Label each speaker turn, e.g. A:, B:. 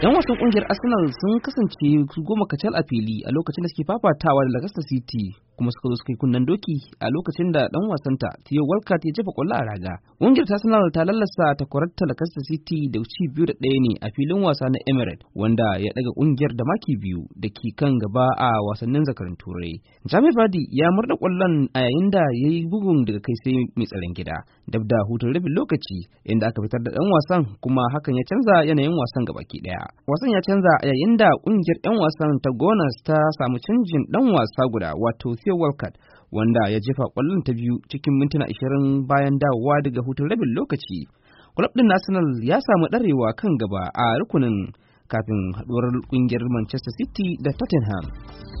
A: 'yan wasan kungiyar arsenal sun kasance goma kacal a fili a lokacin da suke fafatawa da leicester city kuma suka zo suka yi kunnen doki a lokacin da dan wasanta Theo Walcott ya jefa kwallo a raga. Ƙungiyar ta sanar ta lallasa ta kwararta Leicester City da ci biyu da ɗaya ne a filin wasa na Emirates wanda ya daga kungiyar da maki biyu da ke kan gaba a wasannin zakarin Turai. Jamie Vardy ya murda kwallon a yayin da ya yi bugun daga kai sai mai tsaron gida. Dab da hutun rabin lokaci inda aka fitar da ɗan wasan kuma hakan ya canza yanayin wasan gabaki ɗaya. Wasan ya canza a yayin da kungiyar 'yan wasan ta Gunners ta samu canjin ɗan wasa guda wato Theo Kate Walcott wanda ya jefa kwallon ta biyu cikin mintuna 20 bayan dawowa daga hutun rabin lokaci. Club ɗin Arsenal ya samu ɗarewa kan gaba a rukunin kafin haɗuwar ƙungiyar Manchester City da Tottenham.